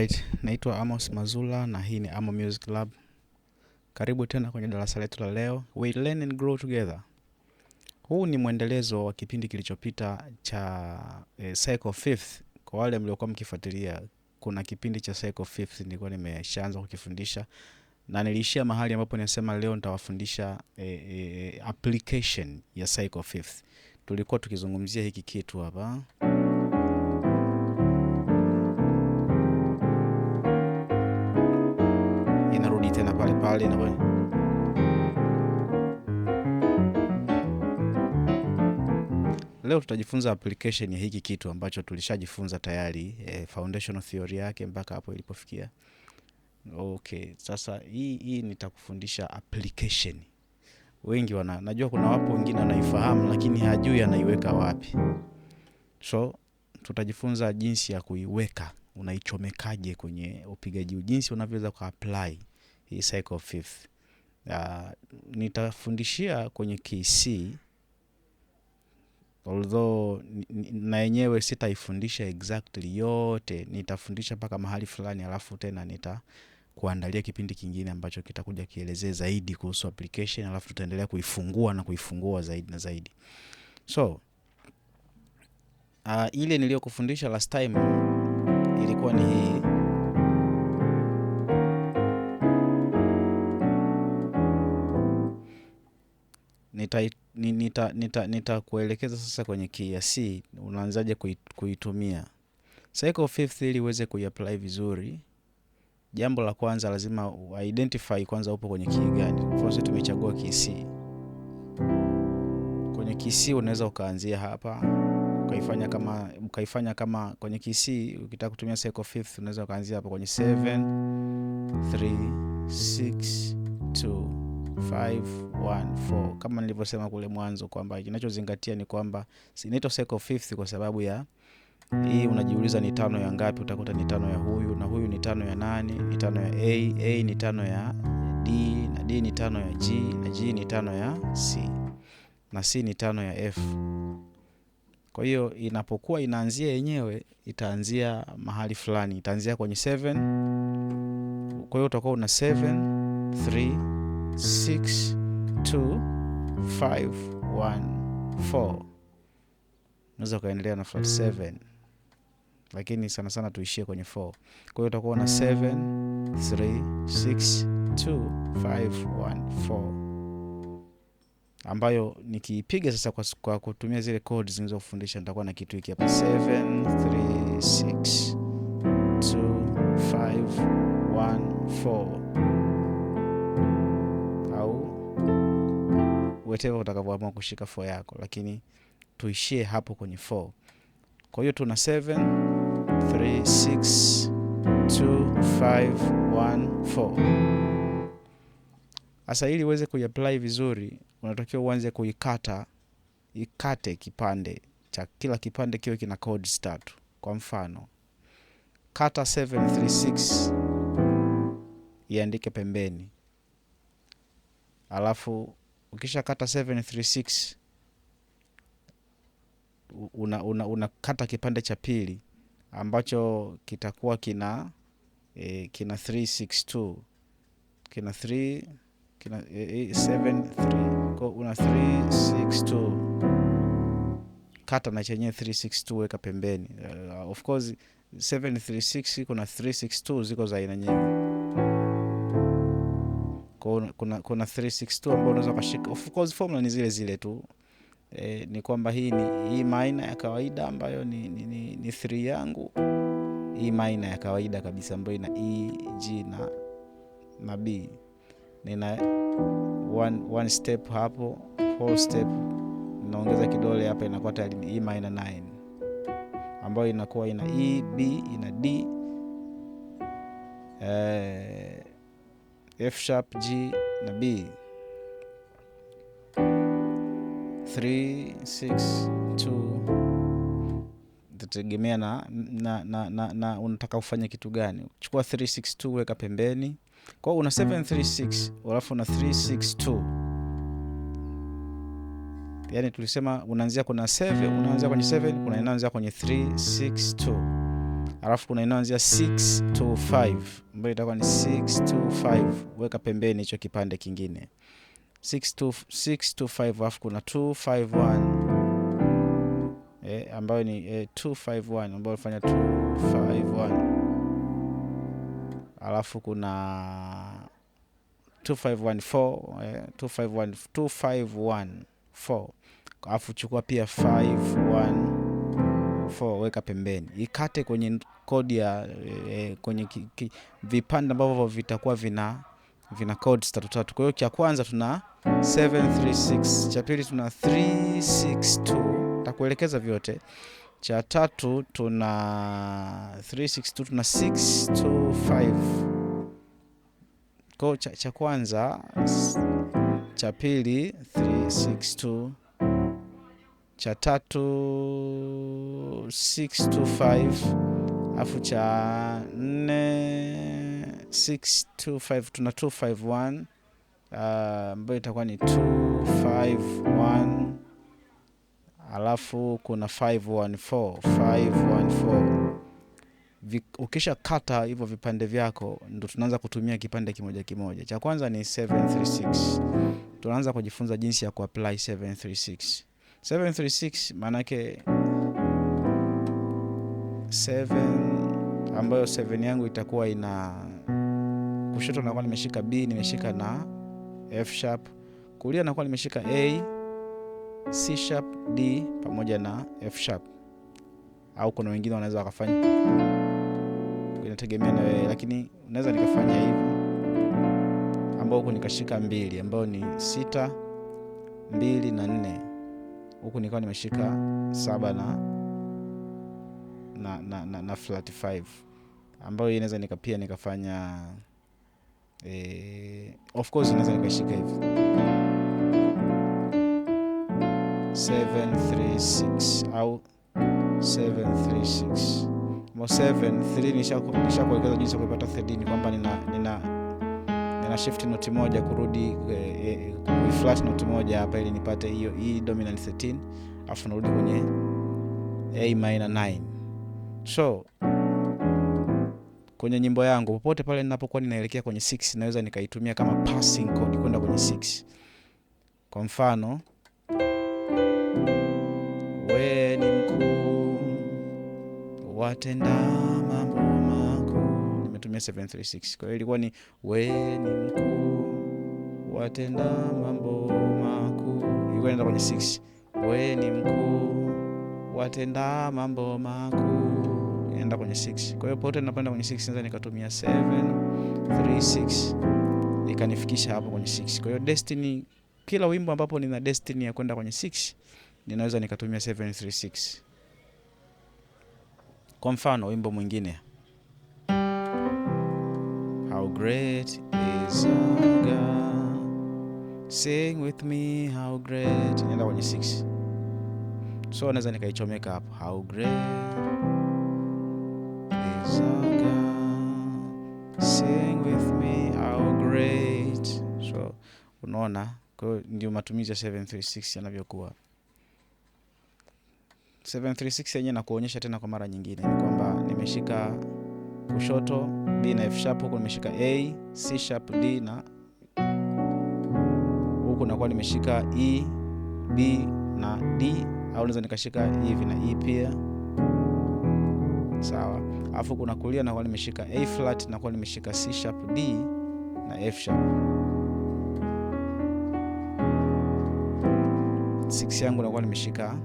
Alright, naitwa Amos Mazula na hii ni Amo Music Lab. Karibu tena kwenye darasa letu la leo We Learn and Grow Together. Huu ni mwendelezo wa kipindi kilichopita cha eh, Cycle Fifth. Kwa wale mliokuwa mkifuatilia, kuna kipindi cha Cycle Fifth nilikuwa nimeshaanza kukifundisha na niliishia mahali ambapo nimesema leo nitawafundisha eh, eh, application ya Cycle Fifth. Tulikuwa tukizungumzia hiki kitu hapa leo tutajifunza application ya hiki kitu ambacho tulishajifunza tayari eh, foundational theory yake mpaka hapo ilipofikia. Okay, sasa hii hii nitakufundisha application. Wengi wana najua, kuna wapo wengine wanaifahamu lakini hajui anaiweka wapi, so tutajifunza jinsi ya kuiweka, unaichomekaje kwenye upigaji, jinsi unavyoweza kuapply hii cycle fifth. Uh, ah, nitafundishia kwenye KC although na yenyewe sitaifundisha exactly yote, nitafundisha mpaka mahali fulani, alafu tena nita kuandalia kipindi kingine ambacho kitakuja kielezee zaidi kuhusu application, alafu tutaendelea kuifungua na kuifungua zaidi na zaidi. So uh, ile niliyokufundisha last time ilikuwa ni nitakuelekeza nita, nita, nita sasa kwenye key C unaanzaje kuitumia cycle fifth ili uweze kuiapply vizuri. Jambo la kwanza lazima uidentify kwanza upo kwenye kii gani. Kwa tumechagua KC. Kwenye KC C unaweza ukaanzia hapa ukaifanya kama ukaifanya kama kwenye kc ukitaka kutumia cycle fifth unaweza ukaanzia hapa kwenye 7 3 6 2 514 kama nilivyosema kule mwanzo kwamba kinachozingatia ni kwamba sinaitwa seco fifth kwa sababu ya hii unajiuliza ni tano ya ngapi utakuta ni tano ya huyu na huyu ni tano ya nani ni tano ya a a ni tano ya d na d ni tano ya g na g ni tano ya c na c ni tano ya f kwa hiyo inapokuwa inaanzia yenyewe itaanzia mahali fulani itaanzia kwenye 7 kwa hiyo utakuwa una 7 3 four Unaweza ukaendelea na flat 7 lakini sana sana tuishie kwenye 4. Kwa hiyo utakuwa na 7 3 6 2 five one four ambayo nikiipiga sasa kwa, kwa kutumia zile kodi nilizofundisha nitakuwa na kitu hiki hapa 7 3 6 2 5 1 4. whatever utakavyoamua kushika 4 yako, lakini tuishie hapo kwenye 4. Kwa hiyo tuna 7 3 6 2 5 1 4. Sasa ili uweze kuiapply vizuri, unatakiwa uanze kuikata, ikate kipande cha kila kipande kiwe kina chords tatu. Kwa mfano kata 736 iandike pembeni, alafu ukisha kata 736 unakata una, una kipande cha pili ambacho kitakuwa kina e, kina 362 kina 3 kina 73 e, e, kwa una 362 kata na chenye 362 weka pembeni. Uh, of course 736 kuna 362 ziko za aina nyingi. Kuna, kuna, 362 ambao unaweza kashika Of course formula ni zile zile tu e, ni kwamba hii ni hii minor ya kawaida ambayo ni, ni, ni, ni three yangu, hii minor ya kawaida kabisa ambayo ina E, G na, na B nina one, one step hapo, whole step naongeza kidole hapa, inakuwa tayari ni E minor 9 ambayo inakuwa ina E, B, ina D eh, F sharp, G na B. 362 6 na, na, na, na, na unataka ufanye kitu gani. Chukua 362 weka pembeni. Kwa una 736 alafu una 362 yani Yaani tulisema unaanzia kuna 7 unaanzia kwenye 7 unaanzia kwenye 362 alafu kuna inaanzia 6 to 5 ambayo itakuwa ni 6 to 5. Weka pembeni hicho kipande kingine 6 to 5, alafu kuna 251 eh, ambayo ni eh, 251 ambayo unafanya 251 alafu kuna 2514 eh, 4 alafu chukua pia 51 weka pembeni, ikate kwenye kodi ya e, kwenye vipande ambavyo vitakuwa vina vina kodi tatu tatu. Kwa hiyo cha kwanza tuna 736, cha pili tuna 362, takuelekeza vyote. Cha tatu tuna 362, tuna 625. Kwa cha, cha kwanza, cha pili 362 cha tatu 625 alafu cha nne 625 tuna 251 uh, ambayo itakuwa ni 251 alafu kuna 514 514 Ukisha kata hivyo vipande vyako, ndo tunaanza kutumia kipande kimoja kimoja. Cha kwanza ni 736. Tunaanza kujifunza jinsi ya kuapply 736. 736 maanake 7 ambayo 7 yangu itakuwa ina kushoto, nakuwa nimeshika B, nimeshika na F sharp, kulia nakuwa nimeshika A, C sharp, D pamoja na F sharp, au kuna wengine wanaweza wakafanya, inategemea na wewe, lakini naweza nikafanya hivi ambao huku nikashika mbili ambayo ni sita mbili na nne huku nikawa nimeshika saba na, na, na, na, na flat 5 ambayo inaweza nika pia nikafanya eh, of course inaweza nikashika hivi 736 au 736 mo 7 3 nishakuelekeza jinsi ya kuipata 13 kwamba nina, nina na shift note moja kurudi eh, eh flash note moja hapa ili nipate hiyo E dominant 13 afu narudi kwenye A minor 9. So kwenye nyimbo yangu popote pale ninapokuwa ninaelekea kwenye 6 naweza nikaitumia kama passing chord kwenda kwenye 6. Kwa mfano we ni mkuu watenda mambo tumia 736. Kwa hiyo ilikuwa ni we ni mkuu watenda mambo makuu, ilikuwa inaenda kwenye 6. We ni mkuu watenda mambo makuu, inaenda kwenye 6. Kwa hiyo pote napenda kwenye 6, naweza nikatumia 736 ikanifikisha hapo kwenye 6. Kwa hiyo destiny, kila wimbo ambapo nina destiny ya kwenda kwenye 6 ninaweza nikatumia 736. Kwa mfano wimbo mwingine How great is our God. Sing with me how great. Nenda kwenye 6. So naweza nikaichomeka hapo. How great is our God. Sing with me how great. So unaona, kwa hiyo ndio matumizi ya 736 yanavyokuwa. 736 yenyewe na kuonyesha tena kwa mara nyingine ni kwamba nimeshika kushoto D na F sharp, huku nimeshika A, C sharp, D na huku nakuwa nimeshika E, B na D, au naweza nikashika hivi na E pia sawa. Alafu kuna kulia nakuwa nimeshika A flat, nakuwa nimeshika C sharp, D na F sharp. Six yangu nakuwa nimeshika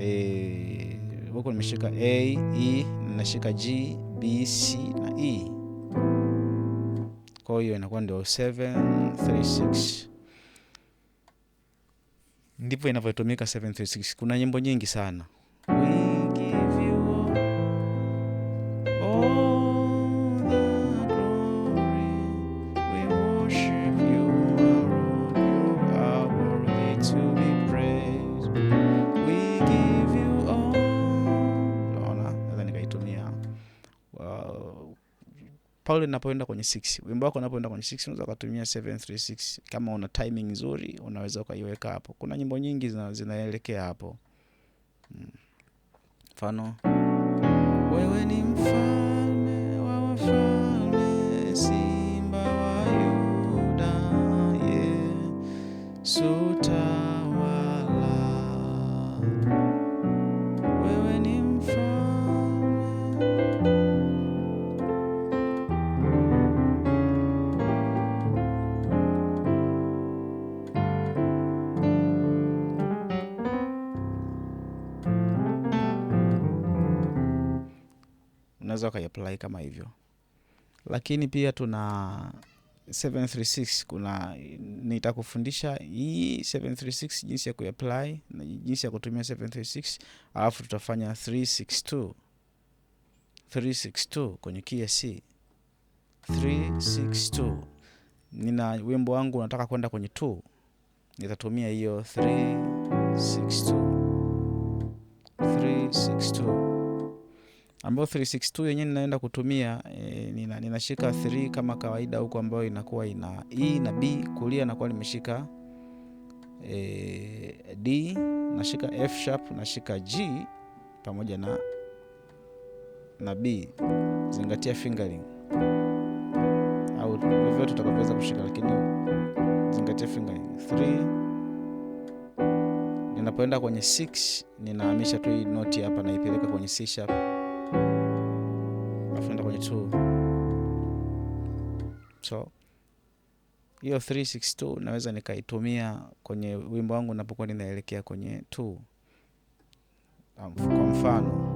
eh, huku nimeshika A, E nashika G, B, C na E. Kwa hiyo inakuwa ndio 736 ndipo inavyotumika 736. Kuna nyimbo nyingi sana. ule linapoenda kwenye 6, wimbo wako unapoenda kwenye 6 unaweza kutumia 736 kama una timing nzuri, unaweza ukaiweka hapo. Kuna nyimbo nyingi zinaelekea zina hapo, mm. mfano hmm. wewe ni mfalme wa wafalme, Simba wa Yuda, Suta. unaweza ukaiapply kama hivyo, lakini pia tuna 736 kuna nitakufundisha hii 736 jinsi ya kuapply na jinsi ya kutumia 736, alafu tutafanya 362 362 kwenye KSC 362. Nina wimbo wangu nataka kwenda kwenye 2, nitatumia hiyo 362 362 ambayo 362 yenyewe ninaenda kutumia e, nina, ninashika 3 kama kawaida huko, ambayo inakuwa ina E na B. Kulia nakuwa nimeshika e, D, nashika F sharp, nashika G pamoja na, na B. Zingatia fingering au vyovyote utakavyoweza kushika, lakini zingatia fingering 3 Ninapoenda kwenye 6 ninahamisha tu hii noti hapa, naipeleka kwenye C sharp 442 so hiyo 362 naweza nikaitumia kwenye wimbo wangu napokuwa ninaelekea kwenye 2 kwa mfano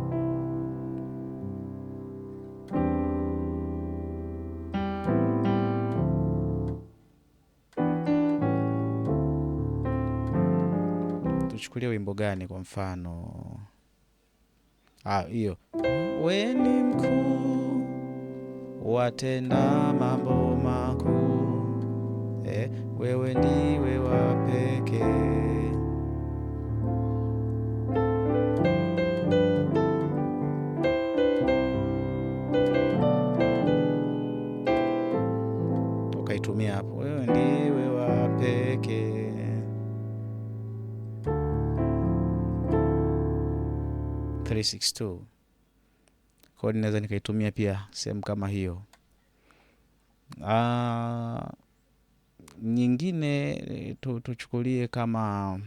tuchukulie wimbo gani? Kwa mfano ah, hiyo ah, we mkuu watenda mambo makuu. Eh, wewe ndiwe wa pekee. Ukaitumia hapo, wewe ndiwe wa pekee. Kwa hiyo ninaweza nikaitumia pia sehemu kama hiyo. Aa, ah, nyingine eh, tuchukulie kama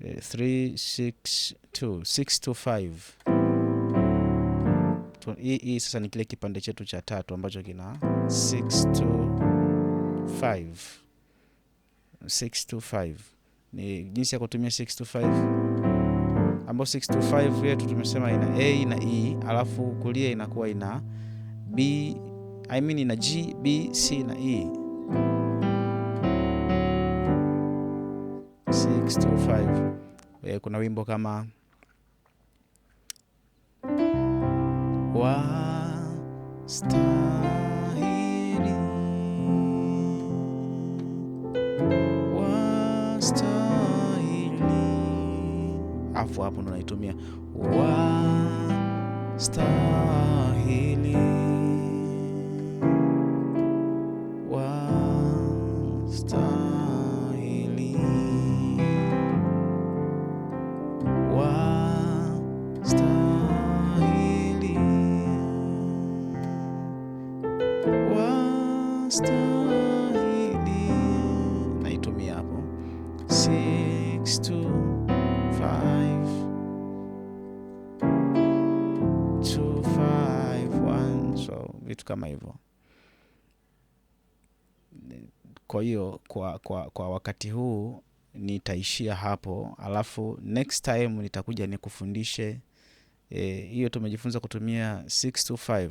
6 eh, 625. Hii sasa ni kile kipande chetu cha tatu ambacho kina 625. 625 ni jinsi ya kutumia 625 ambao 625 yetu tumesema ina A na E, alafu kulia inakuwa ina B, I mean ina G, B, C na E. 625 e, eh, kuna wimbo kama star afu hapo ndo naitumia wastahili, wastahili, wastahili, wastahili naitumia hapo six two kama hivyo. Kwa hiyo kwa, kwa, kwa wakati huu nitaishia hapo, alafu next time nitakuja nikufundishe e, hiyo. E, tumejifunza kutumia 625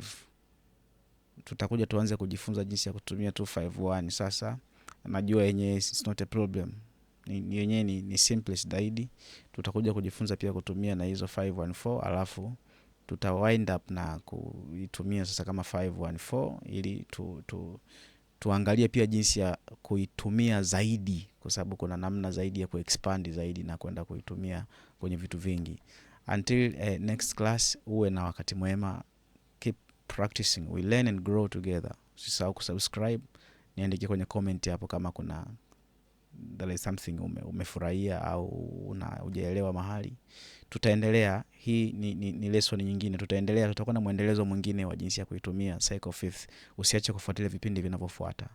tutakuja tuanze kujifunza jinsi ya kutumia 251 sasa. Najua yenyewe it's not a problem, yenyewe ni, ni, ni simple zaidi. Tutakuja kujifunza pia kutumia na hizo 514 alafu tuta wind up na kuitumia sasa kama 514 ili tu, tu, tuangalie pia jinsi ya kuitumia zaidi, kwa sababu kuna namna zaidi ya kuexpand zaidi na kwenda kuitumia kwenye vitu vingi. Until uh, next class, uwe na wakati mwema. Keep practicing, we learn and grow together. Usisahau kusubscribe, niandikie kwenye comment hapo kama kuna there is something ume, umefurahia au una ujaelewa mahali tutaendelea. Hii ni, ni, ni lesson nyingine, tutaendelea, tutakuwa na mwendelezo mwingine wa jinsi ya kuitumia Usiache kufuatilia vipindi vinavyofuata.